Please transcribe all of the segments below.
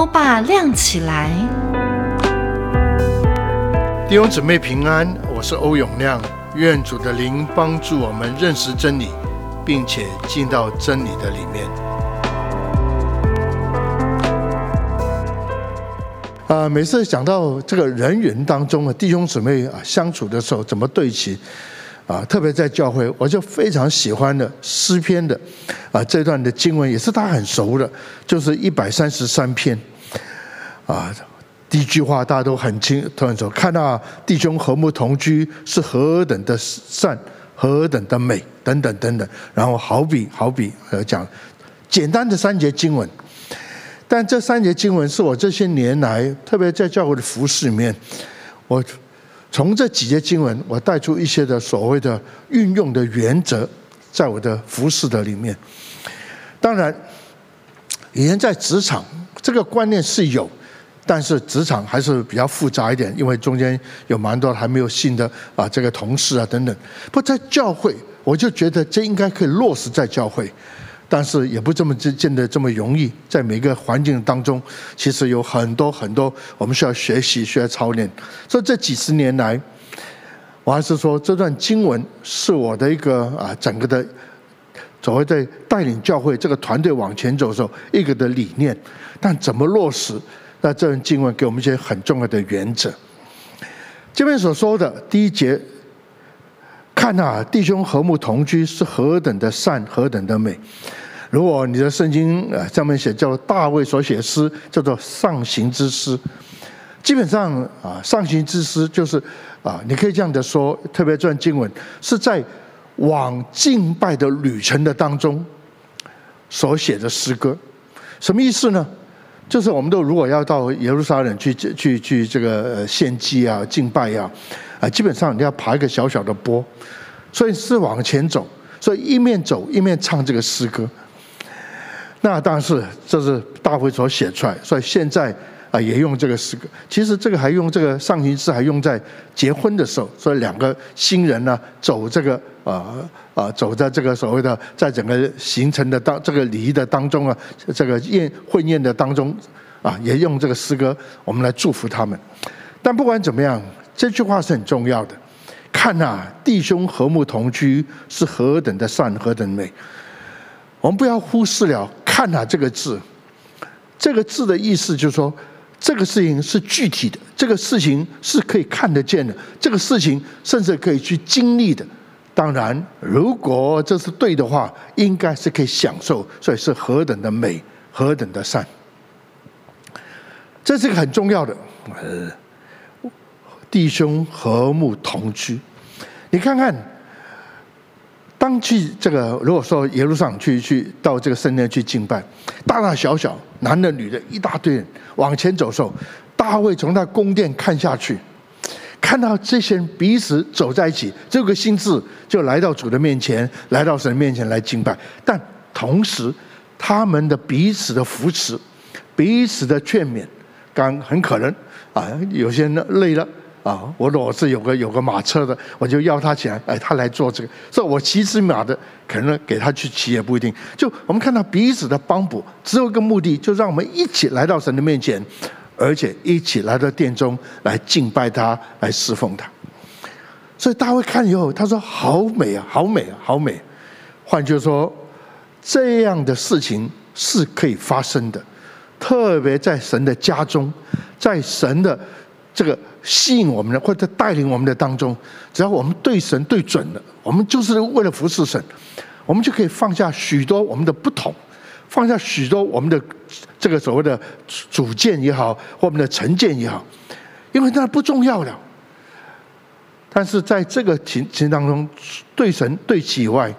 歐爸亮起來，弟兄姊妹平安，我是歐永亮，願主的靈幫助我們認識真理，並且進到真理的裡面。啊、呃，每次想到這個人員當中啊，弟兄姊妹啊相處的時候，怎麼對齊？啊，特別在教會，我就非常喜歡的詩篇的，啊，這段的經文也是他很熟的，就是一百三十三篇，啊，第一句話大家都很清，突然說：“看到弟兄和睦同居是何等的善，何等的美，等等等等。”然後好比好比講簡單的三節經文，但這三節經文是我這些年來，特別在教會的服事裡面，我。從這幾節經文，我帶出一些的所謂的運用的原則，在我的服事的裡面。當然，以前在職場這個觀念是有，但是職場還是比較複雜一點，因為中間有蠻多還沒有信的啊，這個同事啊等等。不過在教會，我就覺得這應該可以落實在教會。但是也不這麼見得這麼容易，在每個環境當中，其實有很多很多我們需要學習、需要操練。所以這幾十年來，我還是說這段經文是我的一個啊，整個的，所謂在帶領教會這個團隊往前走的時候一個的理念。但怎麼落實？那這段經文給我們一些很重要的原則。這邊所說的第一節，看啊，弟兄和睦同居是何等的善，何等的美。如果你的聖經呃上面寫，叫做大衛所寫的詩，叫做上行之詩。基本上啊，上行之詩就是啊，你可以這樣的說，特別這段經文是在往敬拜的旅程的當中所寫的詩歌。什麼意思呢？就是我們都如果要到耶路撒冷去去去這個獻祭啊、敬拜啊，啊，基本上你要爬一個小小的坡，所以是往前走，所以一面走一面唱這個詩歌。那當然是，這是大衛所寫出來，所以現在啊也用這個詩歌。其實這個還用這個上行詩，還用在結婚的時候，所以兩個新人呢、啊、走這個啊啊走在這個所謂的在整個形成的當這個禮儀的當中啊這個宴婚宴的當中啊也用這個詩歌，我們來祝福他們。但不管怎麼樣，這句話是很重要的。看啊，弟兄和睦同居是何等的善，何等美。我們不要忽視了“看、啊”了這個字，這個字的意思就是說，這個事情是具體的，這個事情是可以看得見的，這個事情甚至可以去經歷的。當然，如果這是對的話，應該是可以享受，所以是何等的美，何等的善。這是一個很重要的。嗯，弟兄和睦同居，你看看。當去這個，如果說耶路上去去到這個聖殿去敬拜，大大小小男的女的，一大堆人往前走時候，大衛從他宮殿看下去，看到這些人彼此走在一起，這個心志就來到主的面前，來到神面前來敬拜。但同時，他們的彼此的扶持，彼此的勸勉，剛很可能啊，有些人累了。啊！我老是有個有個馬車的，我就邀他前來，哎，他來做這個。所以，我騎只馬的，可能給他去騎也不一定。就我們看到彼此的幫補，只有一個目的，就讓我們一起來到神的面前，而且一起來到殿中來敬拜他，來侍奉他。所以，大衛看以後，他說：“好美啊，好美啊，好美啊！”換句話說，這樣的事情是可以發生的，特別在神的家中，在神的這個。吸引我們的或者帶領我們的當中，只要我們對神對準了，我們就是為了服侍神，我們就可以放下許多我們的不同，放下許多我們的這個所謂的主見也好，或我們的成見也好，因為那不重要了。但是在這個情情當中，對神對己以外，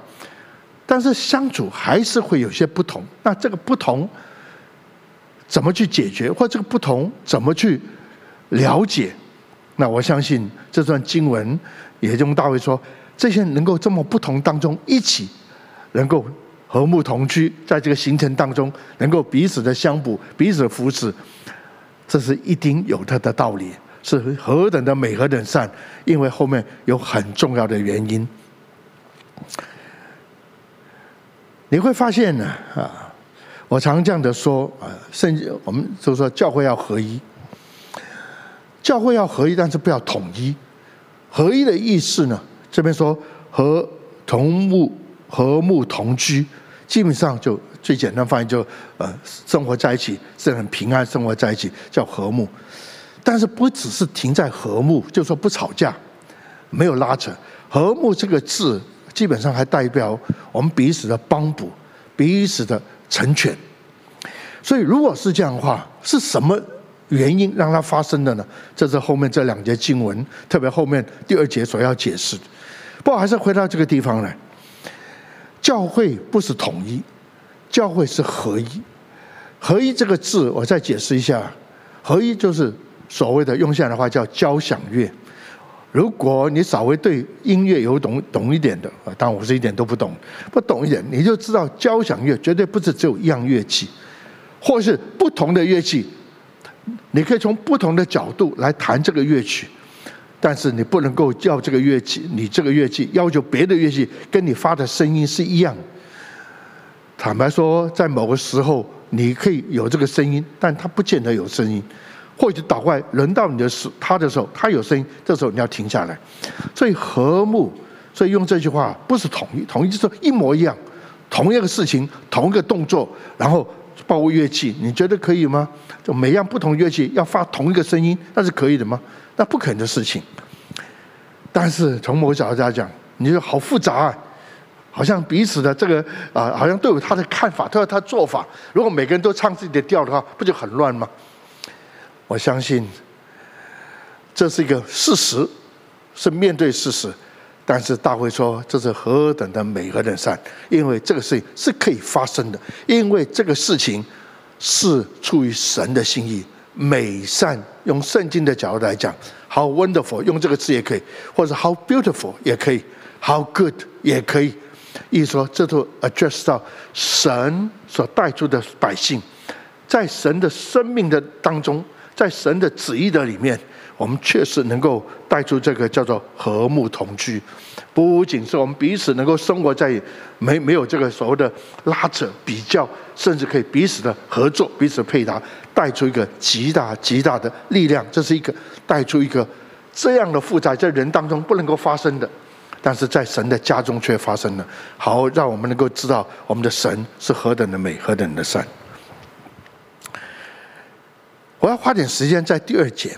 但是相處還是會有些不同。那這個不同怎麼去解決，或者這個不同怎麼去了解、嗯？那我相信這段經文，也用大衛說，這些人能夠這麼不同當中一起，能夠和睦同居，在這個行程當中，能夠彼此的相補、彼此的扶持，這是一定有它的道理，是何等的美，何等善，因為後面有很重要的原因。你會發現呢，啊，我常這樣的說啊，甚至我們就是說教會要合一。教會要合一，但是不要統一。合一的意思呢？這邊說和同睦和睦同居，基本上就最簡單翻譯就是，呃生活在一起是很平安，生活在一起叫和睦。但是不只是停在和睦，就是說不吵架，沒有拉扯。和睦這個字，基本上還代表我們彼此的幫補，彼此的成全。所以如果是這樣的話，是什麼？原因讓它發生的呢？這是後面這兩節經文，特別後面第二節所要解釋。不過還是回到這個地方來，教會不是統一，教會是合一。合一這個字，我再解釋一下：合一就是所謂的用現代話叫交響樂。如果你稍微對音樂有懂懂一點的，啊，當然我是一點都不懂，不懂一點，你就知道交響樂絕對不是只有一樣樂器，或是不同的樂器。你可以從不同的角度來彈這個樂曲，但是你不能夠叫這個樂器，你這個樂器要求別的樂器跟你發的聲音是一樣。坦白說，在某個時候你可以有這個聲音，但它不見得有聲音。或者倒過來輪到你的時，他的時候他有聲音，這時候你要停下來。所以和睦，所以用這句話不是統一，統一就是一模一樣，同一個事情，同一個動作，然後包括樂器，你覺得可以嗎？就每樣不同樂器要發同一個聲音，那是可以的嗎？那不可能的事情。但是從某個角度來講，你說好複雜，啊，好像彼此的這個啊、呃，好像都有他的看法，都有他的做法。如果每個人都唱自己的調的話，不就很亂嗎？我相信這是一個事實，是面對事實。但是大衛說這是何等的美，何等善，因為這個事情是可以發生的，因為這個事情，是出於神的心意，美善。用聖經的角度來講，How wonderful，用這個詞也可以，或者 How beautiful 也可以，How good 也可以。意思說，這都 address 到神所帶出的百姓，在神的生命的當中，在神的旨意的裡面。我們確實能夠帶出這個叫做“和睦同居”，不僅是我們彼此能夠生活在沒沒有這個所謂的拉扯、比較，甚至可以彼此的合作、彼此配搭，帶出一個極大極大的力量。這是一個帶出一個這樣的負債，在人當中不能夠發生的，但是在神的家中卻發生了。好，好，讓我們能夠知道我們的神是何等的美，何等的善。我要花點時間在第二節。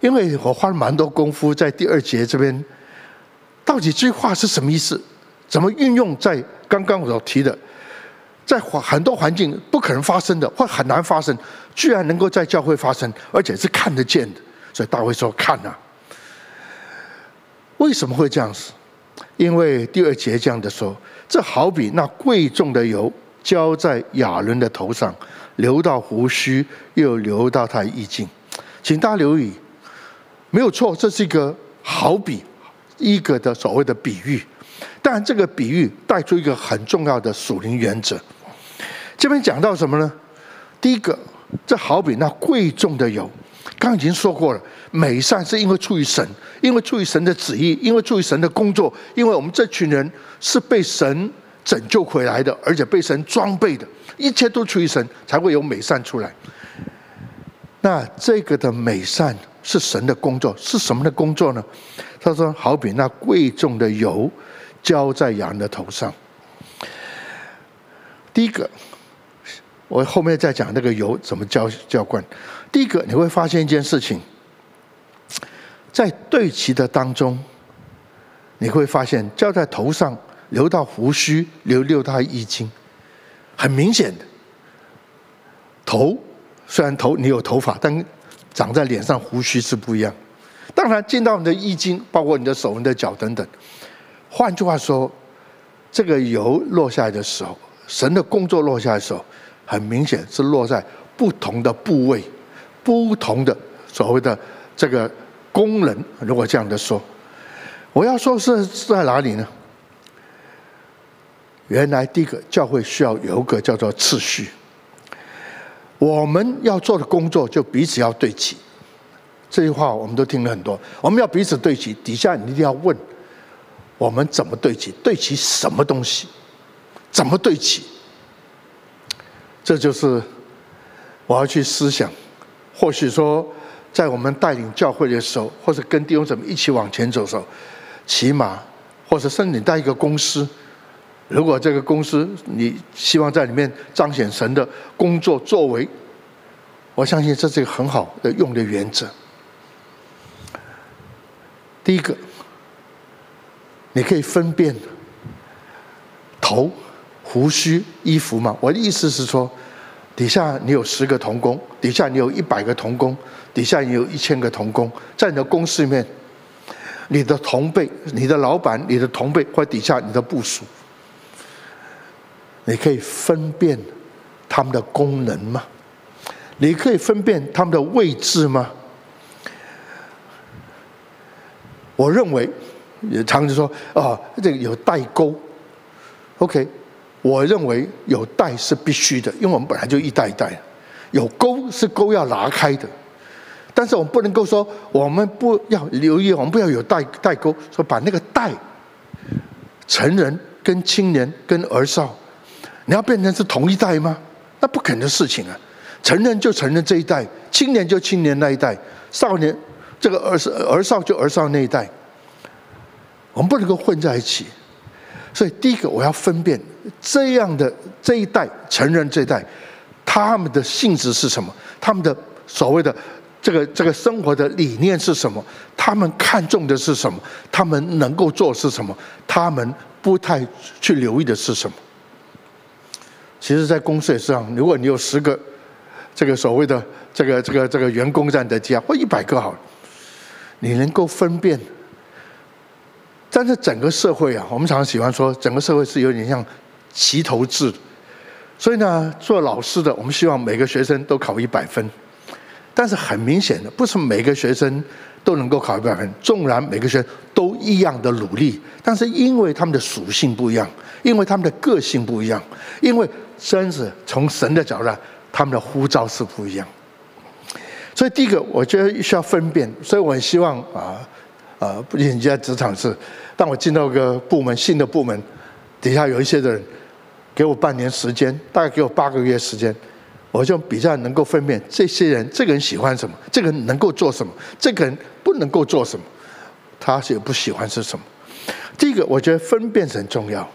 因為我花了蠻多功夫在第二節這邊，到底這句話是什麼意思？怎麼運用在剛剛我提的，在很多環境不可能發生的或很難發生，居然能夠在教會發生，而且是看得見的，所以大衛說看啊。為什麼會這樣子？因為第二節講的時候，這好比那貴重的油澆在亞倫的頭上，流到鬍鬚，又流到他衣襟。請大家留意。沒有錯，這是一個好比一個的所謂的比喻，但這個比喻帶出一個很重要的屬靈原則。這邊講到什麼呢？第一個，這好比那貴重的油，剛剛已經說過了。美善是因為出於神，因為出於神的旨意，因為出於神的工作，因為我們這群人是被神拯救回來的，而且被神裝備的，一切都出於神，才會有美善出來。那這個的美善，是神的工作，是什麼的工作呢？他說：“好比那貴重的油澆在羊的頭上。”第一個，我後面再講那個油怎麼澆澆灌。第一個，你會發現一件事情，在對齊的當中，你會發現澆在頭上流到鬍鬚，流六大衣襟，很明顯的。頭雖然頭你有頭髮，但長在臉上鬍鬚是不一樣，當然見到你的衣襟，包括你的手、你的腳等等。換句話說，這個油落下來的時候，神的工作落下來的時候，很明顯是落在不同的部位、不同的所謂的這個功能。如果這樣的說，我要說是在哪裡呢？原來第一個教會需要有一個叫做次序。我們要做的工作，就彼此要對齊。這句話我們都聽了很多。我們要彼此對齊，底下你一定要問：我們怎麼對齊？對齊什麼東西？怎麼對齊？這就是我要去思想。或許說，在我們帶領教會的時候，或者跟弟兄姊妹一起往前走的時候，起碼，或者甚至你帶一個公司。如果這個公司你希望在裡面彰顯神的工作作為，我相信這是一個很好的用的原則。第一個，你可以分辨頭、鬍鬚、衣服嘛？我的意思是說，底下你有十個同工，底下你有一百個同工，底下你有一千個同工，在你的公司裡面，你的同輩、你的老闆、你的同輩或底下你的部屬。你可以分辨他們的功能嗎？你可以分辨他們的位置嗎？我認為，常常說啊、哦，這個有代溝。OK，我認為有代是必須的，因為我們本來就一代一代。有溝是溝要拉開的，但是我們不能夠說我們不要留意，我們不要有代代溝，說把那個代成人跟青年跟兒少。你要變成是同一代嗎？那不可能的事情啊！成人就成人這一代，青年就青年那一代，少年這個兒少兒少就兒少那一代，我們不能夠混在一起。所以，第一個我要分辨這樣的這一代成人這一代，他們的性質是什麼？他們的所謂的這個這個生活的理念是什麼？他們看重的是什麼？他們能夠做的是什麼？他們不太去留意的是什麼？其實，在公司也是這樣。如果你有十個這個所謂的這個這個這個、這個、員工在你的家，或一百個好了，你能夠分辨。但是整個社會啊，我們常常喜歡說，整個社會是有點像齊頭制。所以呢，做老師的，我們希望每個學生都考一百分。但是很明顯的，不是每個學生都能夠考一百分。縱然每個學生都一樣的努力，但是因為他們的屬性不一樣，因為他們的個性不一樣，因為。真是從神的角度來，他們的呼召是不一樣。所以第一個，我覺得需要分辨。所以我很希望啊，啊、呃，尤、呃、其在職場是，當我進到一個部門新的部門，底下有一些人，給我半年時間，大概給我八個月時間，我就比較能夠分辨這些人，這個人喜歡什麼，這個人能夠做什麼，這個人不能夠做什麼，他也不喜歡是什麼。第一個，我覺得分辨很重要。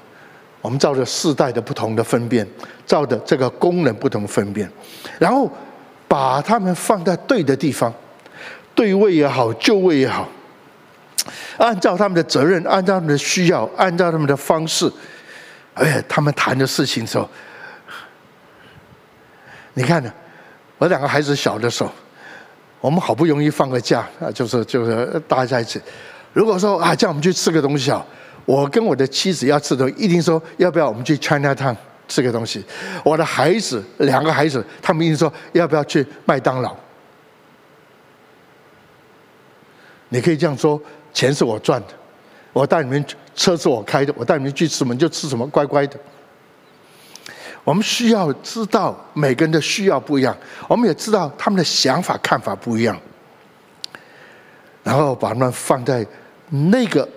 我們照着世代的不同的分辨，照着這個功能不同分辨，然後把他們放在對的地方，對位也好，就位也好，按照他們的責任，按照他們的需要，按照他們的方式，而、哎、且他們談的事情的時候，你看呢？我兩個孩子小的時候，我們好不容易放個假啊，就是就是大家一起，如果說啊，叫我們去吃個東西啊。我跟我的妻子要吃東西，一定說要不要我們去 China Town 吃個東西。我的孩子兩個孩子，他們一定說要不要去麥當勞。你可以這樣說：錢是我賺的，我帶你們，車是我開的，我帶你們去吃什麼就吃什麼，乖乖的。我們需要知道每個人的需要不一樣，我們也知道他們的想法看法不一樣，然後把他們放在那個。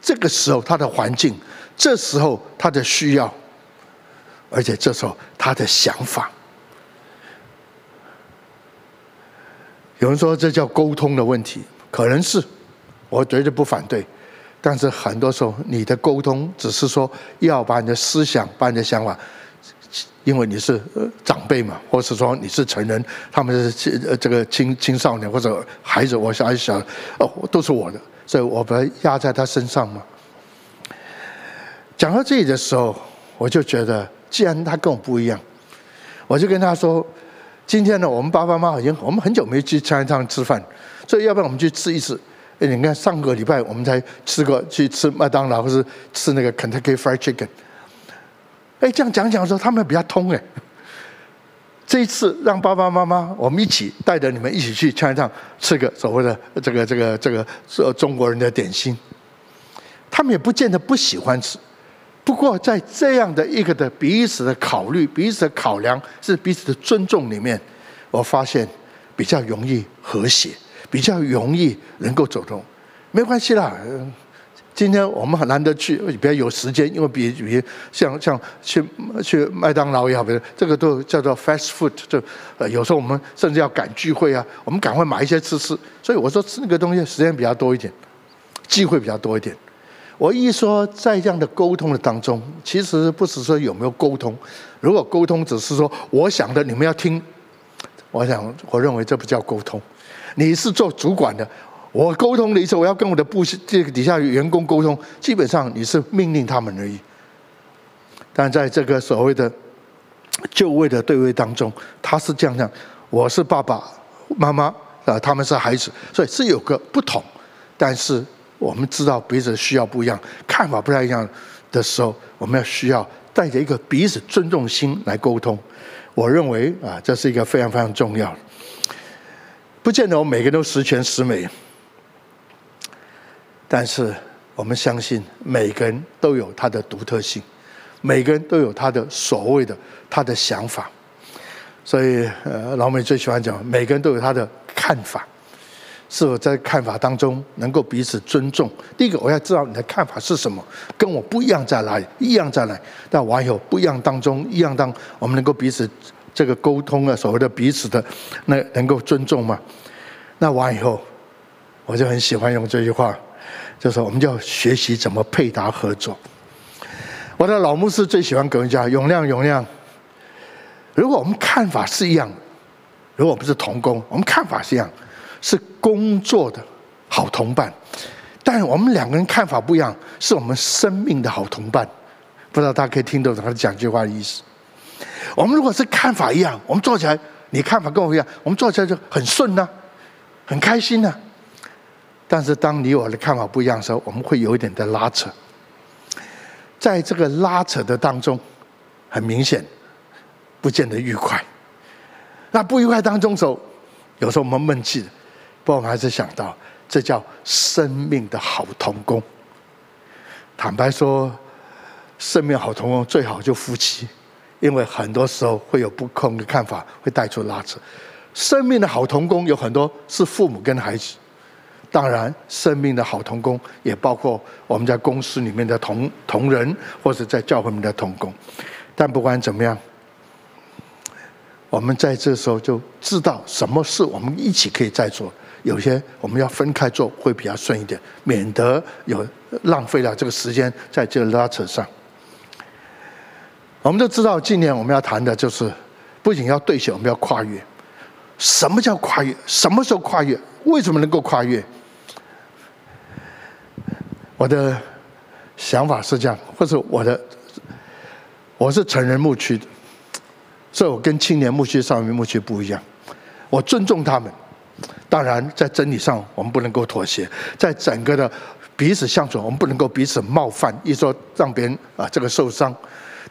這個時候他的環境，這時候他的需要，而且這時候他的想法，有人說這叫溝通的問題，可能是，我絕對不反對，但是很多時候你的溝通只是說要把你的思想、把你的想法，因為你是長輩嘛，或是說你是成人，他們是這個青青少年或者孩子，我想一想，哦，都是我的。所以，我把它壓在他身上嘛。講到這裡的時候，我就覺得，既然他跟我不一樣，我就跟他說：“今天呢，我們爸爸媽媽，我們很久沒去餐廳吃飯，所以，要不然我們去吃一次？哎，你看上個禮拜我們才吃過去吃麥當勞，或是吃那個肯德基 （fried chicken）。哎，這樣講講的時候，他們比較通哎。”這一次，讓爸爸媽媽，我們一起帶着你們一起去餐廳吃個所謂的這個這個這個、這個、中國人的點心，他們也不見得不喜歡吃。不過在這樣的一個的彼此的考慮、彼此的考量是彼此的尊重裡面，我發現比較容易和諧，比較容易能夠走通，沒關係啦。今天我們很難得去，比較有時間，因為比比像像去去麥當勞也好，比如，這個都叫做 fast food，就、呃、有時候我們甚至要趕聚會啊，我們趕快買一些吃吃。所以我說吃那個東西時間比較多一點，機會比較多一點。我一說在這樣的溝通的當中，其實不是說有沒有溝通，如果溝通只是說我想的你們要聽，我想我認為這不叫溝通。你是做主管的。我溝通的時候，我要跟我的部下這個、底下員工溝通，基本上你是命令他們而已。但在這個所謂的就位的對位當中，他是這樣講：我是爸爸媽媽啊，他們是孩子，所以是有個不同。但是我們知道彼此需要不一樣，看法不太一樣的時候，我們要需要帶着一個彼此尊重心來溝通。我認為啊，這是一個非常非常重要的。不見得我每個人都十全十美。但是我們相信，每個人都有他的獨特性，每個人都有他的所謂的他的想法。所以，呃老美最喜歡講，每個人都有他的看法。是否在看法當中能夠彼此尊重？第一個，我要知道你的看法是什麼，跟我不一樣在哪裡，一樣在哪裡。那完以後，不一樣當中，一樣當，我們能夠彼此這個溝通啊，所謂的彼此的那能夠尊重嗎？那完以後，我就很喜歡用這句話。就是、說我們就要學習怎麼配搭合作。我的老牧師最喜歡跟人家永亮，永亮，如果我們看法是一樣，如果我們是同工，我們看法是一樣，是工作的好同伴；但我們兩個人看法不一樣，是我們生命的好同伴。”不知道大家可以聽懂他講這句話的意思？我們如果是看法一樣，我們做起來，你看法跟我一樣，我們做起來就很順吶、啊，很開心吶、啊。但是當你我的看法不一樣的時候，我們會有一點的拉扯，在這個拉扯的當中，很明顯不見得愉快。那不愉快當中走，有時候我們悶悶氣，不過我們還是想到，這叫生命的好同工。坦白說，生命好同工最好就夫妻，因為很多時候會有不同的看法，會帶出拉扯。生命的好同工有很多是父母跟孩子。當然，生命的好同工也包括我們在公司裡面的同同仁，或者在教會裡面的同工。但不管怎麼樣，我們在這時候就知道什麼事我們一起可以再做，有些我們要分開做會比較順一點，免得有浪費了這個時間在這個拉扯上。我們都知道，今年我們要談的就是不僅要對齊，我們要跨越。什麼叫跨越？什麼時候跨越？為什麼能夠跨越？我的想法是這樣，或者我的我是成人牧區的，所以我跟青年牧區、少年牧區不一樣。我尊重他們，當然在真理上我們不能夠妥協，在整個的彼此相處，我們不能夠彼此冒犯，一說讓別人啊這個受傷。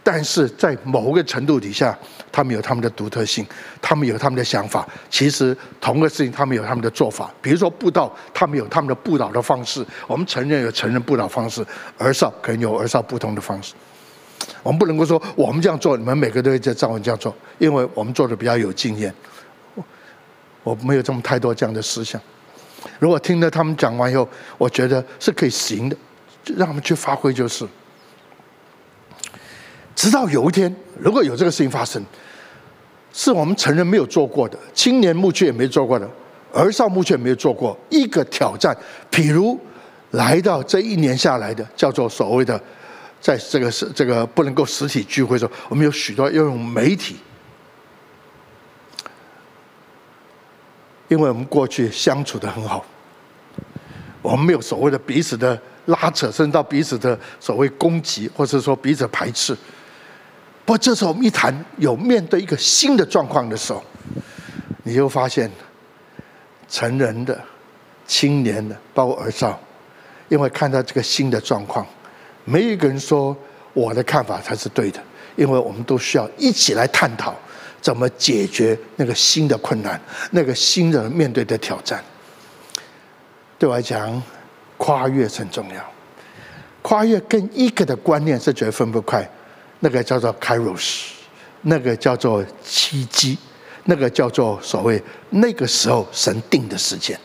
但是在某個程度底下，他們有他們的獨特性，他們有他們的想法。其實同個事情，他們有他們的做法。比如說布道，他們有他們的布道的方式。我們成人有成人布道方式，兒少可能有兒少不同的方式。我們不能夠說我們這樣做，你們每個都在照我們這樣做，因為我們做的比較有經驗我。我沒有這麼太多這樣的思想。如果聽了他們講完以後，我覺得是可以行的，讓他們去發揮就是。直到有一天，如果有這個事情發生，是我們成人沒有做過的，青年牧區也沒做過的，兒少牧區也沒有做過一個挑戰。譬如來到這一年下來的，叫做所謂的，在這個是這個不能夠實體聚會的時候，我們有許多要用媒體，因為我們過去相處得很好，我們沒有所謂的彼此的拉扯，甚至到彼此的所謂攻擊，或者說彼此排斥。不過這時候我們一談有面對一個新的狀況的時候，你就發現，成人的、青年的，包括兒少，因為看到這個新的狀況，沒一個人說我的看法才是對的，因為我們都需要一起來探討怎麼解決那個新的困難，那個新的面對的挑戰。對我來講，跨越很重要，跨越跟一個的觀念是絕對分不開。那個叫做 Kairos，那個叫做契機，那個叫做所謂那個時候神定的時間。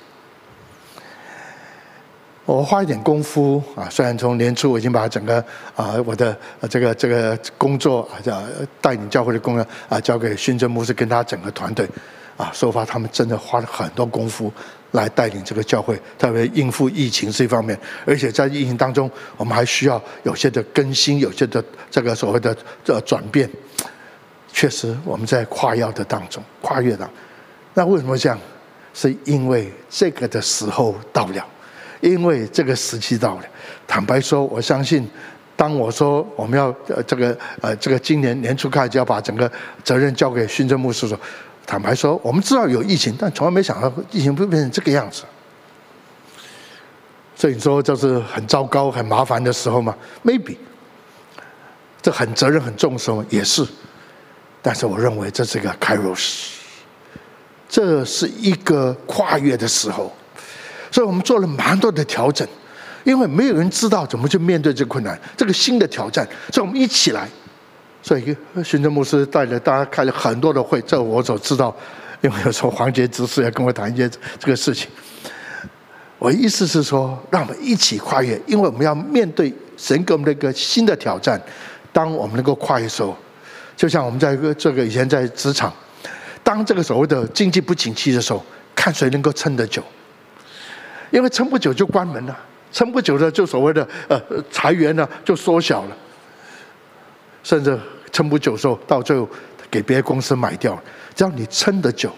我花一點功夫啊，雖然從年初我已經把整個啊我的啊這個這個工作啊叫帶領教會的工作啊交給宣教牧師跟他整個團隊啊，說法他們真的花了很多功夫。來帶領這個教會，特別應付疫情這方面，而且在疫情當中，我們還需要有些的更新，有些的這個所謂的呃轉變。確實，我們在跨越的當中，跨越了。那為什麼這樣？是因為這個的時候到了，因為這個時期到了。坦白說，我相信，當我說我們要呃這個呃這個今年年初開始就要把整個責任交給宣真牧師的時候，坦白說，我們知道有疫情，但從來沒想到疫情會變成這個樣子。所以你說就是很糟糕、很麻煩的時候嘛？Maybe，這很責任很重，視嗎？也是。但是我認為這是一個 c a r o u s 這是一個跨越的時候。所以我們做了蠻多的調整，因為沒有人知道怎麼去面對這困難，這個新的挑戰。所以我們一起來。所以，行政牧師帶着大家開了很多的會，這我所知道。因為有時候黃杰執事要跟我談一些這個事情。我的意思是說，讓我們一起跨越，因為我們要面對神給我們那個新的挑戰。當我們能夠跨越的時候，就像我們在這個以前在職場，當這個所謂的經濟不景氣的時候，看誰能夠撐得久。因為撐不久就關門了，撐不久的就所謂的呃裁員呢，就縮小了。甚至撐不久的時候，到最後給別的公司買掉了。只要你撐得久，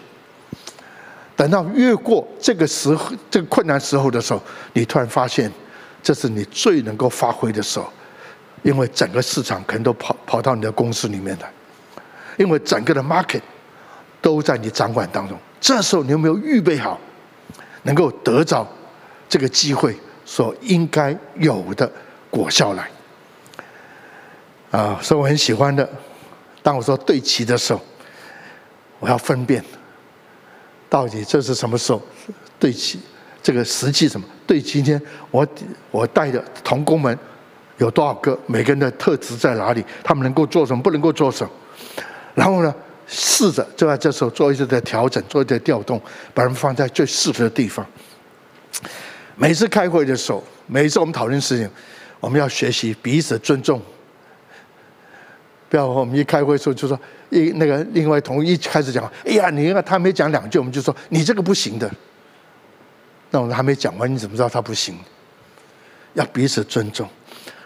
等到越過這個時候，這個困難時候的時候，你突然發現，這是你最能夠發揮的時候，因為整個市場可能都跑跑到你的公司裡面來，因為整個的 market 都在你掌管當中。這時候你有沒有預備好，能夠得到這個機會所應該有的果效來？啊，所以我很喜歡的。當我說對齊的時候，我要分辨到底這是什麼時候對齊。這個實際什麼對齊？今天我我帶的同工們有多少個？每個人的特質在哪裡？他們能夠做什麼？不能夠做什麼？然後呢，試着就在這時候做一次的調整，做一些的調動，把他們放在最適合的地方。每次開會的時候，每次我們討論事情，我們要學習彼此尊重。不要，我們一開會的時候就說，一那個另外一同一開始講，哎呀，你看、啊、他沒講兩句，我們就說你這個不行的。那我們還沒講完，你怎麼知道他不行？要彼此尊重。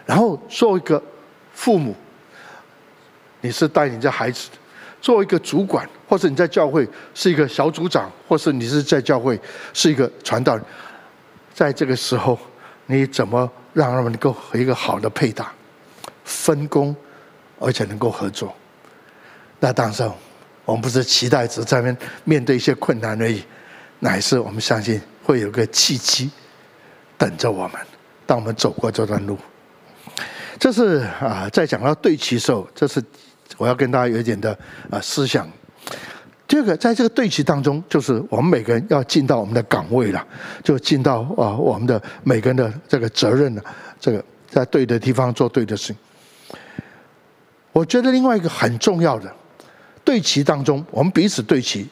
然後，作為一個父母，你是帶你的孩子，作為一個主管，或者你在教會是一個小組長，或是你是在教會是一個傳道人，在這個時候，你怎麼讓他們能夠有一個好的配搭、分工？而且能夠合作，那當時我們不是期待只在面面對一些困難而已，乃是我們相信會有個契機等着我們，當我們走過這段路。這是啊、呃，在講到對齊的時候，這是我要跟大家有一點的啊、呃、思想。這個在這個對齊當中，就是我們每個人要盡到我們的崗位了，就盡到啊、呃、我們的每個人的這個責任了，這個在對的地方做對的事情。我覺得另外一個很重要的對齊當中，我們彼此對齊，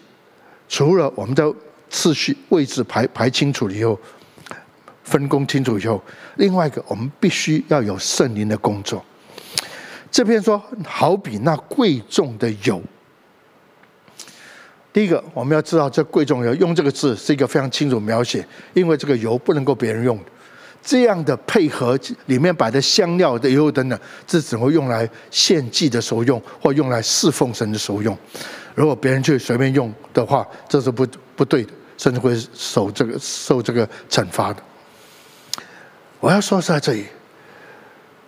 除了我們的次序位置排排清楚以後，分工清楚以後，另外一個我們必須要有聖靈的工作。這邊說好比那貴重的油。第一個，我們要知道這貴重油用這個字是一個非常清楚描寫，因為這個油不能夠別人用這樣的配合，裡面擺的香料的油燈呢，是只會用來獻祭的時候用，或用來侍奉神的時候用。如果別人去隨便用的話，這是不不對的，甚至會受這個受這個懲罰的。我要說在這裡，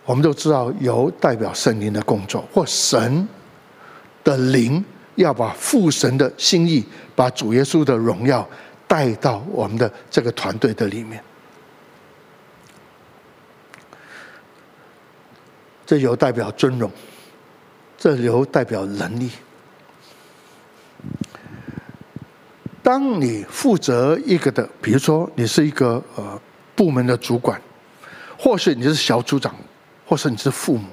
我們都知道油代表聖靈的工作，或神的靈要把父神的心意，把主耶穌的榮耀帶到我們的這個團隊的裡面。這有代表尊榮，這有代表能力。當你負責一個的，比如說你是一個呃部門的主管，或是你是小組長，或是你是父母，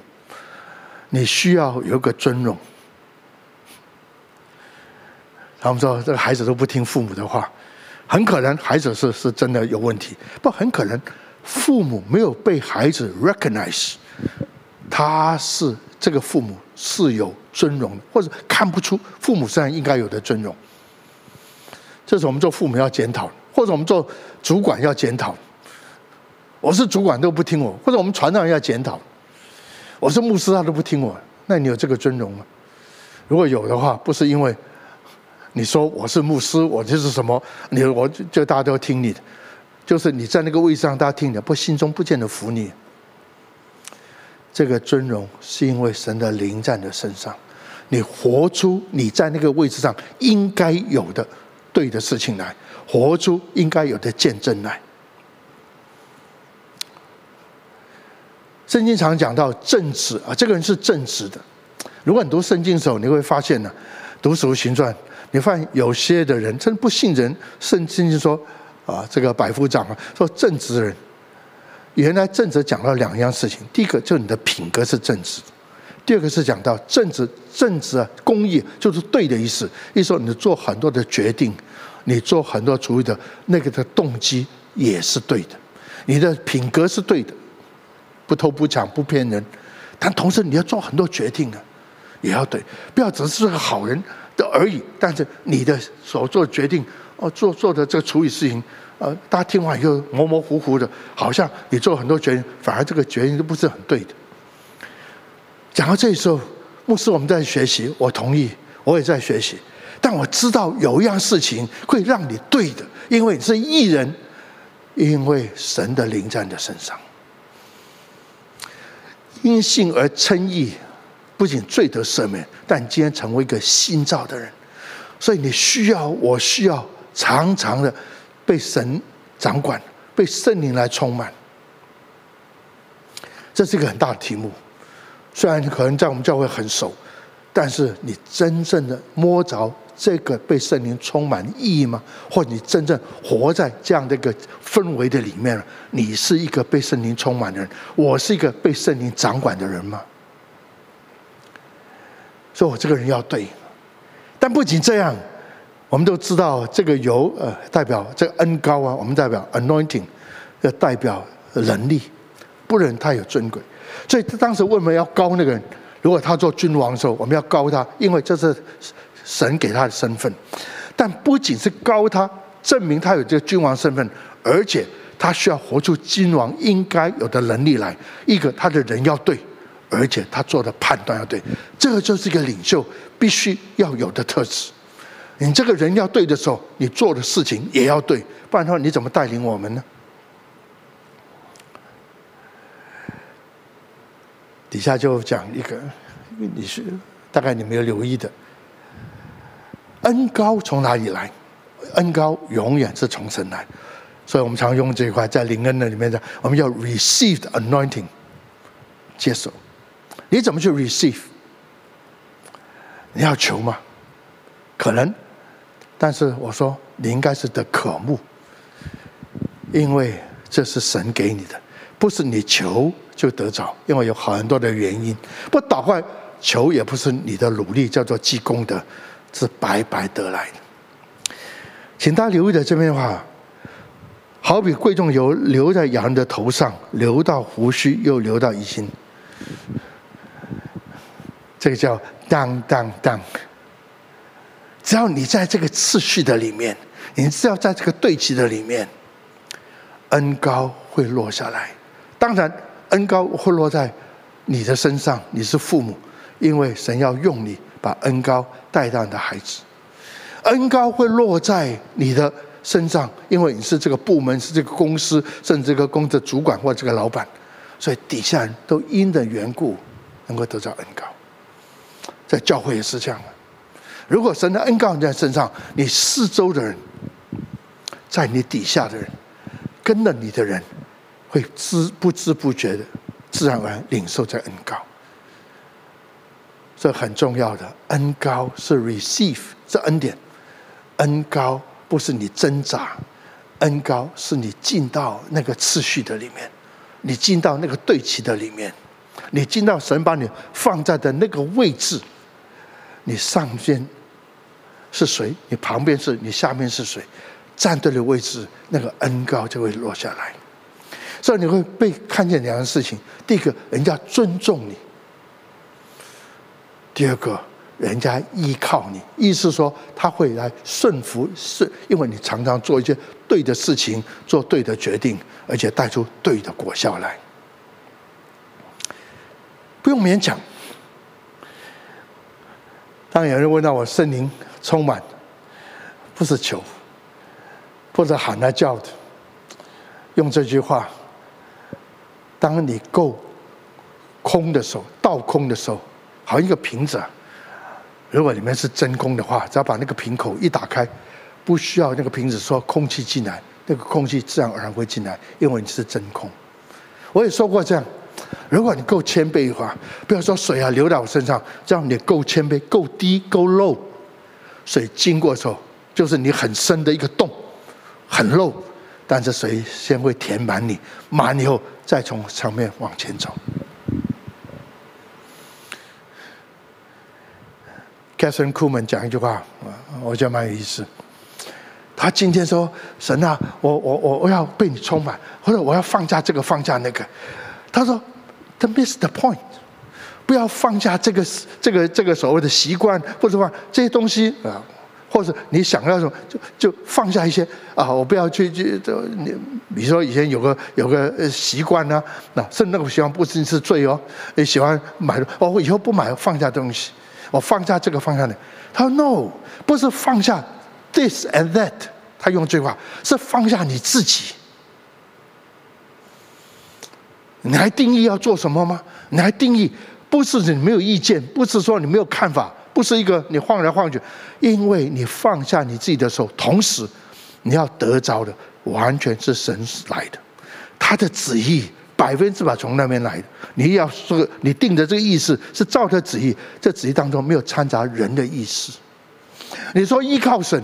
你需要有一個尊榮。他們說這個孩子都不聽父母的話，很可能孩子是是真的有問題，不過很可能父母沒有被孩子 recognize。他是這個父母是有尊榮的，或者看不出父母身上應該有的尊榮。這、就是我們做父母要檢討，或者我們做主管要檢討。我是主管都不聽我，或者我們傳道人要檢討。我是牧師他都不聽我，那你有這個尊榮嗎？如果有的話，不是因為你說我是牧師，我就是什麼？你我就大家都聽你的，就是你在那個位置上大家聽你的，不心中不見得服你。這個尊榮是因為神的靈在你的身上，你活出你在那個位置上應該有的對的事情來，活出應該有的見證來。聖經常講到正直啊，這個人是正直的。如果你讀聖經的時候，你會發現呢、啊，讀《使徒行傳》，你發現有些的人真不信人。聖經說啊，這個百夫長啊，說正直的人。原來正直講到兩樣事情，第一個就是你的品格是正直，第二個是講到正直、正直、啊、公義就是對的意思。意思說你做很多的決定，你做很多處理的，那個的動機也是對的。你的品格是對的，不偷不搶不騙人，但同時你要做很多決定的、啊，也要對，不要只是個好人的而已。但是你的所做的決定哦，做做的這個處理事情。呃，大家聽完以後模模糊糊的，好像你做了很多決定，反而這個決定都不是很對的。講到這時候，牧師我們在學習，我同意，我也在學習，但我知道有一樣事情會讓你對的，因為你是義人，因為神的靈在你的身上。因信而稱義，不僅罪得赦免，但你今天成為一個新造的人，所以你需要，我需要，常常的。被神掌管，被聖靈來充滿，這是一個很大的題目。雖然你可能在我們教會很熟，但是你真正的摸着這個被聖靈充滿意義嗎？或你真正活在這樣的一個氛圍的裡面，你是一個被聖靈充滿的人？我是一個被聖靈掌管的人嗎？所以，我這個人要對。但不僅這樣。我們都知道，這個油呃代表這個恩膏啊，我們代表 anointing，要代表能力，不能太有尊貴。所以，他當時為什麼要膏那個人？如果他做君王的時候，我們要膏他，因為這是神給他的身份。但不僅是膏他，證明他有這個君王身份，而且他需要活出君王應該有的能力來。一個，他的人要對，而且他做的判斷要對。這個就是一個領袖必須要有的特質。你這個人要對的時候，你做的事情也要對，不然的話，你怎麼帶領我們呢？底下就講一個，因為你是大概你沒有留意的，恩膏從哪裡來？恩膏永遠是從神來，所以我們常用這一塊在靈恩的裡面講，我們要 receive anointing，接受，你怎麼去 receive？你要求嗎？可能。但是我說，你應該是得渴慕，因為這是神給你的，不是你求就得着，因為有很多的原因。不倒壞，求也不是你的努力，叫做積功德，是白白得來的。請大家留意的這邊的話，好比貴重油留在羊的頭上，流到胡鬚，又流到衣襟。這個叫當當當。只要你在這個秩序的裡面，你只要在這個對齊的裡面，恩膏會落下來。當然，恩膏會落在你的身上。你是父母，因為神要用你把恩膏帶到你的孩子。恩膏會落在你的身上，因為你是這個部門、是這個公司，甚至這個公司的主管或這個老闆，所以底下人都因的緣故能夠得到恩膏。在教會也是這樣的。如果神的恩膏在你身上，你四周的人，在你底下的人，跟了你的人，會知不知不覺的，自然而然領受這恩膏。這很重要的恩膏是 receive 這恩典，恩膏不是你掙扎，恩膏是你進到那個次序的裡面，你進到那個對齊的裡面，你進到神把你放在的那個位置，你上邊是誰？你旁邊是你下面是誰？站對的位置，那個恩膏就會落下來。所以你會被看見兩樣事情，第一個人家尊重你，第二個人家依靠你。意思說，他會來順服，是因為你常常做一些對的事情，做對的決定，而且帶出對的果效來。不用勉強。當有人問到我聖靈。充滿，不是求，不是喊他叫的，用這句話，當你夠空的時候，倒空的時候，好像一個瓶子啊，如果裡面是真空的話，只要把那個瓶口一打開，不需要那個瓶子說空氣進來，那個空氣自然而然會進來，因為你是真空。我也說過這樣，如果你夠謙卑的話，不要說水啊流到我身上，這樣你夠謙卑，夠低，夠 low。水經過的時候，就是你很深的一個洞，很漏，但是水先會填滿你，滿以後再從上面往前走。Catherine Kuhlman 講一句話，我覺得蠻有意思。他今天說：“神啊，我我我我要被你充滿，或者我要放下這個放下那個。”他說：“這 miss the point。”不要放下這個、這個、這個所謂的習慣，或者話這些東西啊，或者你想要什麼，就就放下一些啊。我不要去去這你，比如說以前有個有個習慣呢、啊，那甚至那個習慣不一定是罪哦。你喜歡買哦，我以後不買，放下東西，我、哦、放下這個，放下那、這個。他說：“No，不是放下 this and that。”他用這句話是放下你自己，你還定義要做什麼嗎？你還定義？不是你沒有意見，不是說你沒有看法，不是一個你晃來晃去，因為你放下你自己的手，同時你要得着的完全是神來的，他的旨意百分之百從那邊來的。你要說你定的這個意思是照他旨意，這旨意當中沒有摻雜人的意思。你說依靠神，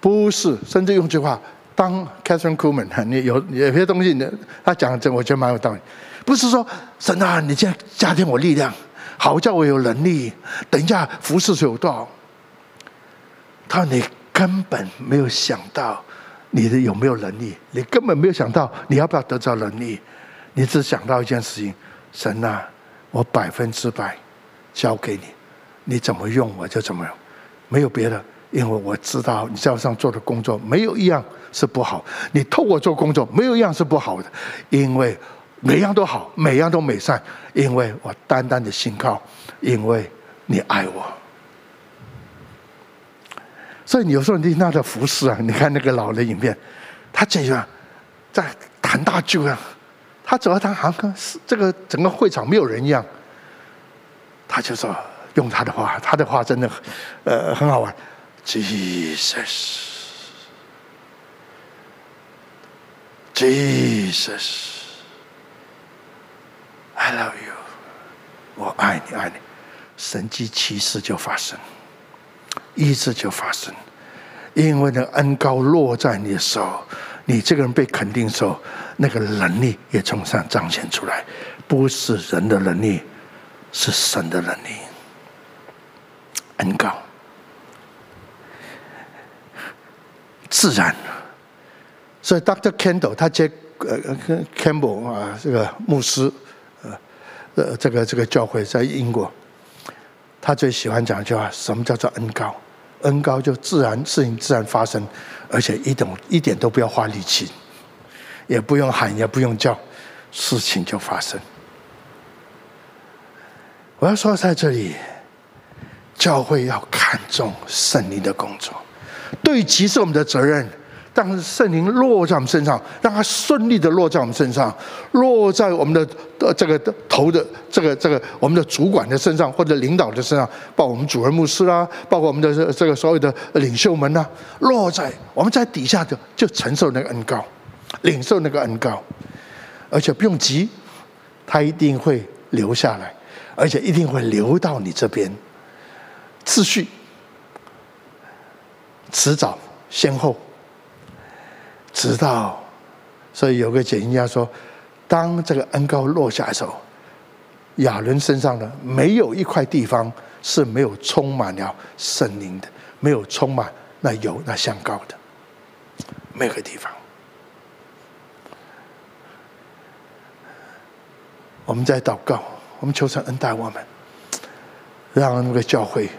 不是，甚至用句話，當 Catherine Kuhlman，你有你有些東西，你他講的這我覺得蠻有道理。不是說神啊，你今天加添我力量，好叫我有能力，等一下服侍有多少？他你根本沒有想到你的有沒有能力，你根本沒有想到你要不要得到能力，你只想到一件事情：神啊，我百分之百交給你，你怎麼用我就怎麼用，沒有別的。因為我知道你在我上做的工作沒有一樣是不好，你託我做工作沒有一樣是不好的，因為。每樣都好，每樣都美善，因為我單單的信靠，因為你愛我。所以你有時候你那的服事啊，你看那個老人影片，他怎樣在彈大劇啊？他走到他堂跟這個整個會場沒有人一樣，他就說用他的話，他的話真的呃很好玩，Jesus，Jesus。Jesus, Jesus I love you，我愛你，愛你，神蹟奇事就發生，醫治就發生，因為那個恩膏落在你的手，你這個人被肯定的時候，那個能力也從上彰顯出來，不是人的能力，是神的能力，恩膏。自然。所以 Dr. Kendall 他接呃呃 Campbell 啊這個牧師。這這個這個教會在英國，他最喜歡講一句話：什麼叫做恩高？恩高就自然事情自然發生，而且一點一點都不要花力氣，也不用喊，也不用叫，事情就發生。我要說在這裡，教會要看重聖靈的工作，對，其實我們的責任。當聖靈落在我們身上，讓它順利的落在我們身上，落在我們的呃這個頭的這個這個我們的主管的身上或者領導的身上，包括我們主任牧師啦、啊，包括我們的這個所有的領袖們吶、啊，落在我們在底下的就承受那個恩膏，領受那個恩膏。而且不用急，他一定會留下來，而且一定會留到你這邊，次序，遲早，先後。直到，所以有個解經家說，當這個恩膏落下的時候，亞倫身上的沒有一塊地方是沒有充滿了聖靈的，沒有充滿那油那香膏的，每個地方。我們在禱告，我們求神恩待我們，讓那個教會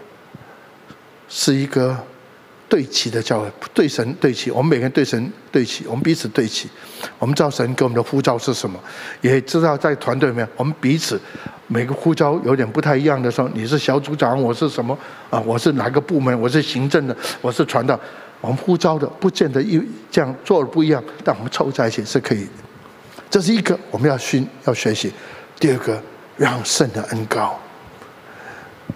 是一個。對齊的教會，對神對齊，我們每個人對神對齊，我們彼此對齊。我們知道神給我們的呼召是什麼，也知道在團隊裡面，我們彼此每個呼召有點不太一樣的時候，你是小組長，我是什麼啊？我是哪個部門？我是行政的，我是傳道，我們呼召的不見得一樣，這樣做的不一樣，但我們湊在一起是可以。這是一個我們要學要學習。第二個，讓神的恩膏。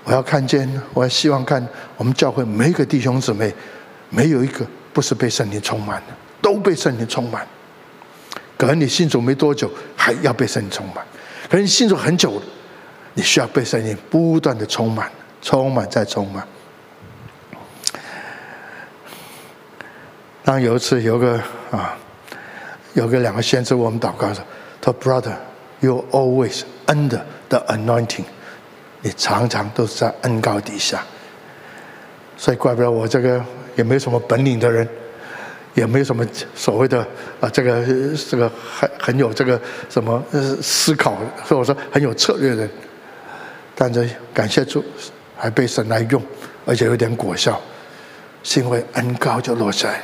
我要看見，我要希望看我們教會每一個弟兄姊妹，沒有一個不是被聖靈充滿的，都被聖靈充滿。可能你信主沒多久，還要被聖靈充滿。可能你信主很久了，你需要被聖靈不斷的充滿，充滿再充滿。當有一次有一個啊，有個兩個宣教，我們禱告的時候，他說，Brother，you're always under the anointing。”也常常都是在恩膏底下，所以怪不了我這個也沒有什麼本領的人，也沒有什麼所謂的啊、呃，這個這個很很有這個什麼、呃、思考，或者說很有策略的人。但是感謝主，還被神來用，而且有點果效，是因為恩膏就落下來，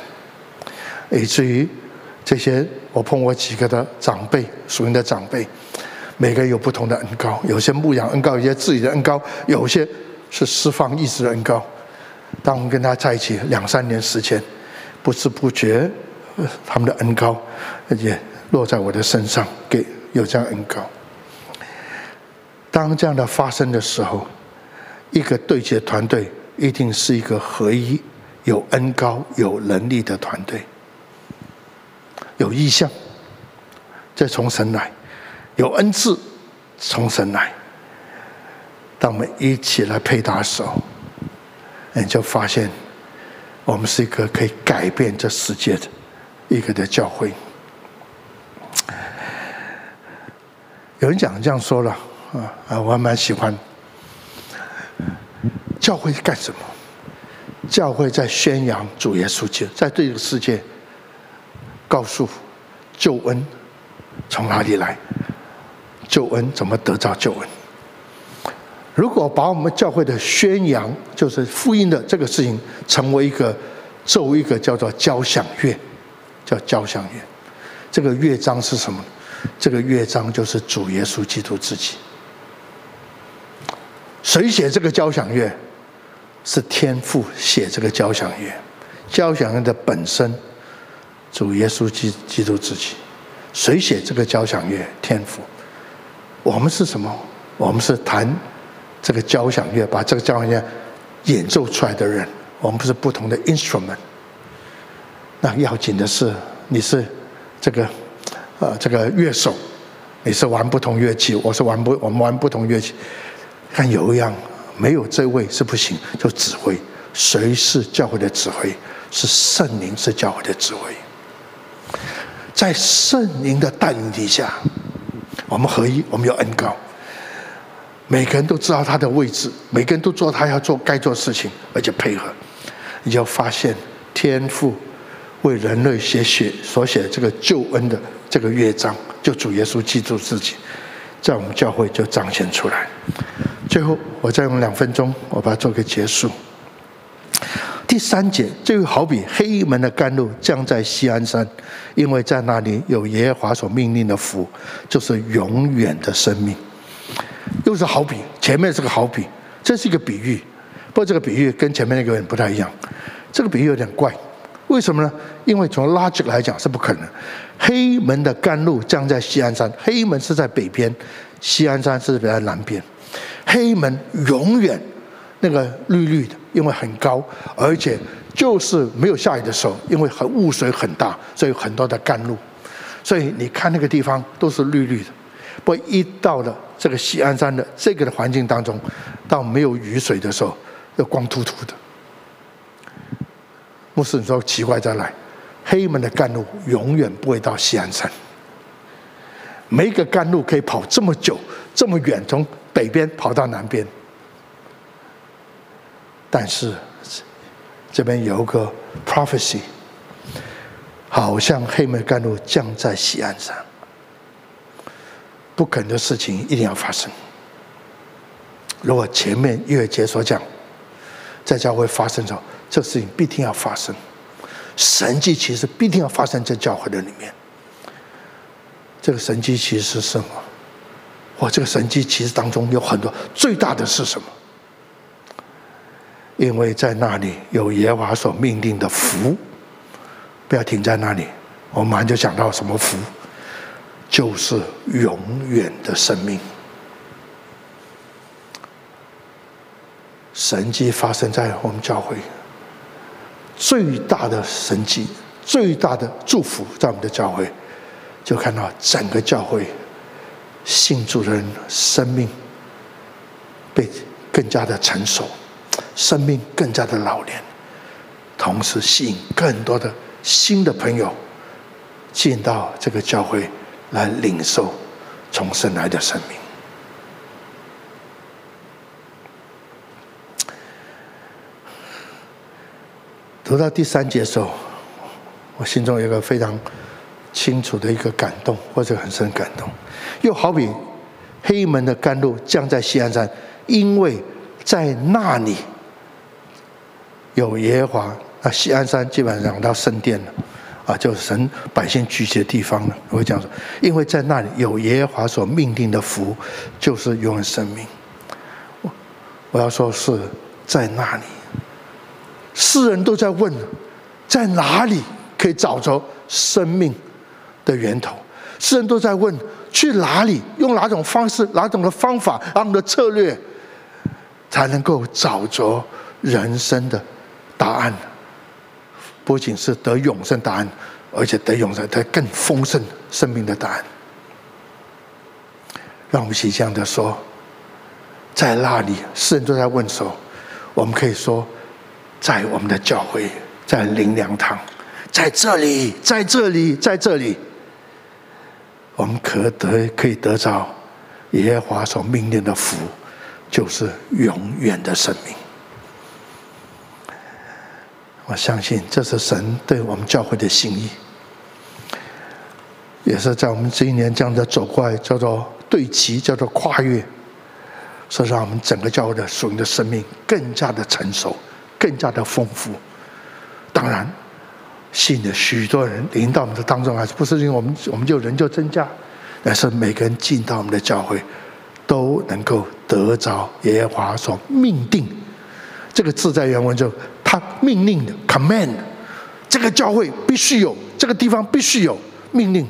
以至於這些我碰過幾個的長輩，屬靈的長輩。每個人有不同的恩膏，有些牧養恩膏，有些自己的恩膏，有些是釋放醫治的恩膏。當我們跟他在一起兩三年時間，不知不覺，他們的恩膏也落在我的身上，給有這樣恩膏。當這樣的發生的時候，一個對接團隊一定是一個合一、有恩膏、有能力的團隊，有異象，再從神來。有恩賜從神來，當我們一起來配搭的時候，你就發現我們是一個可以改變這世界的一個的教會。有人講這樣說了啊啊，我還蠻喜歡。教會是幹什麼？教會在宣揚主耶穌基督，在對這個世界告訴救恩從哪裡來。救恩怎麼得到救恩？如果把我們教會的宣揚，就是福音的這個事情，成為一個作為一個叫做交響樂，叫交響樂。這個樂章是什麼？這個樂章就是主耶穌基督自己。誰寫這個交響樂？是天父寫這個交響樂。交響樂的本身，主耶穌基基督自己。誰寫這個交響樂？天父。我們是什麼？我們是彈這個交響樂，把這個交響樂演奏出來的人。我們不是不同的 instrument。那要緊的是，你是這個呃這個樂手，你是玩不同樂器，我是玩不我們玩不同樂器。但有一樣，沒有這位是不行，就指揮。誰是教會的指揮？是聖靈，是教會的指揮。在聖靈的帶領底下，我們合一，我們有恩膏。每個人都知道他的位置，每個人都做他要做該做的事情，而且配合。你要發現天父，為人類寫寫所寫這個救恩的這個樂章，就主耶穌基督自己，在我們教會就彰顯出來。最後，我再用兩分鐘，我把它做個結束。第三節，這就好比黑門的甘露降在錫安山，因為在那裡有耶和華所命令的福，就是永遠的生命。又是好比，前面是個好比，這是一個比喻，不過這個比喻跟前面那個有點不太一樣。這個比喻有點怪，為什麼呢？因為從 logic 來講是不可能，黑門的甘露降在錫安山，黑門是在北邊，錫安山是在南邊，黑門永遠那個綠綠的。因為很高，而且就是沒有下雨的時候，因為很霧水很大，所以很多的甘露，所以你看那個地方都是綠綠的。不一到了這個錫安山的這個的環境當中，到沒有雨水的時候，要光禿禿的。牧師，你說奇怪，再來，黑門的甘露永遠不會到錫安山，每個甘露可以跑這麼久、這麼遠，從北邊跑到南邊。但是，這邊有個 prophecy，好像黑門甘露降在錫安山，不肯的事情一定要發生。如果前面約翰所講，在教會發生的時候，這事情必定要發生，神蹟其實必定要發生在教會的裡面。這個神蹟其實是什麼？我這個神蹟其實當中有很多，最大的是什麼？因為在那裡有耶和華所命定的福，不要停在那裡。我們馬上就想到什麼福，就是永遠的生命。神蹟發生在我們教會，最大的神蹟、最大的祝福在我們的教會，就看到整個教會信主的人生命被更加的成熟。生命更加的老年，同時吸引更多的新的朋友進到這個教會，來領受重生來的生命。讀到第三節的時候，我心中有一個非常清楚的一個感動，或者很深的感動。又好比黑門的甘露降在錫安山，因為在那裡。有耶和華，那錫安山基本上到聖殿了，啊，就是神百姓聚集的地方了。我會這樣說，因為在那裡有耶和華所命定的福，就是永恆生命。我我要說是在那裡，世人都在問，在哪裡可以找着生命的源頭？世人都在問，去哪裡？用哪種方式？哪種的方法？哪種的策略才能夠找着人生的？答案不僅是得永生答案，而且得永生，得更豐盛生命的答案。讓我們喜慶的說，在那裡，世人都在問說，我們可以說，在我們的教會，在靈糧堂，在這裡，在這裡，在這裡，我們可得可以得到耶和華所命令的福，就是永遠的生命。我相信這是神對我們教會的心意，也是在我們這一年這樣的走過來，叫做對齊，叫做跨越，是讓我們整個教會的屬靈的生命更加的成熟，更加的豐富。當然，信的許多人臨到我們的當中來，還是不是因為我們我們就人就增加，而是每個人進到我們的教會都能夠得着耶和華所命定這個字在原文就。他命令的 command，這個教會必須有，這個地方必須有命令。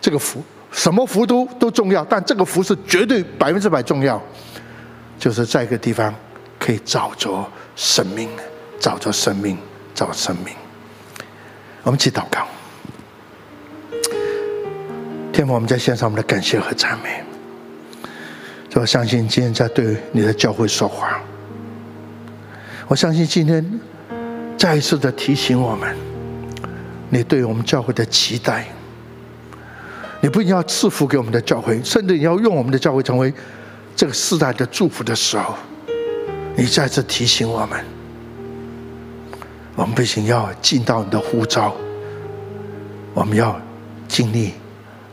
這個福什麼福都都重要，但這個福是絕對百分之百重要，就是在一個地方可以找着生命，找着生命，找生命。我們一起禱告，天父，我們在線上，獻上我們的感謝和讚美。所以我相信今天在對你的教會說話。我相信今天再一次的提醒我們，你對我們教會的期待，你不僅要賜福給我們的教會，甚至你要用我們的教會成為這個世代的祝福的時候，你再次提醒我們，我們不僅要盡到你的呼召，我們要經歷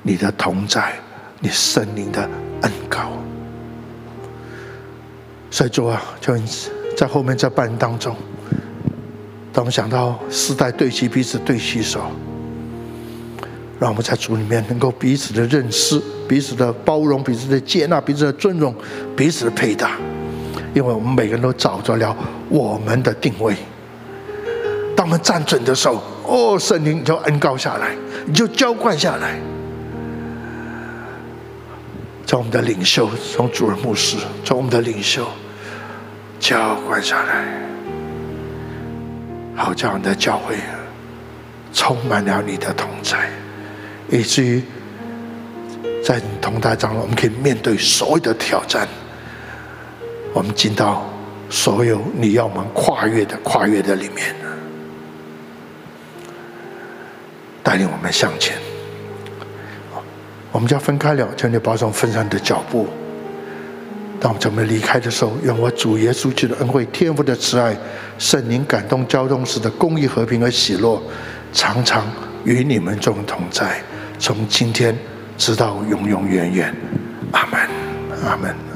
你的同在，你聖靈的恩膏。所以主啊，求你。在後面這半當中，當我們想到世代對齊、彼此對齊的時候，讓我們在主裡面能夠彼此的認識、彼此的包容、彼此的接納、彼此的尊重、彼此的配搭，因為我們每個人都找著了我們的定位。當我們站準的時候，哦，聖靈，你就恩膏下來，你就澆灌下來。從我們的領袖，從主任牧師，從我們的領袖。.教關下來，好，這樣的教會充滿了你的同在，以至於在你同在當中，我們可以面對所有的挑戰。我們進到所有你要我們跨越的、跨越的裡面，帶領我們向前。我們就要分開了，就你保重分散的腳步。當我們準備離開的時候，願我主耶穌基督的恩惠、天父的慈愛、聖靈感動交通時的公義和平和喜樂，常常與你們眾同在，從今天直到永永遠遠。阿門，阿門。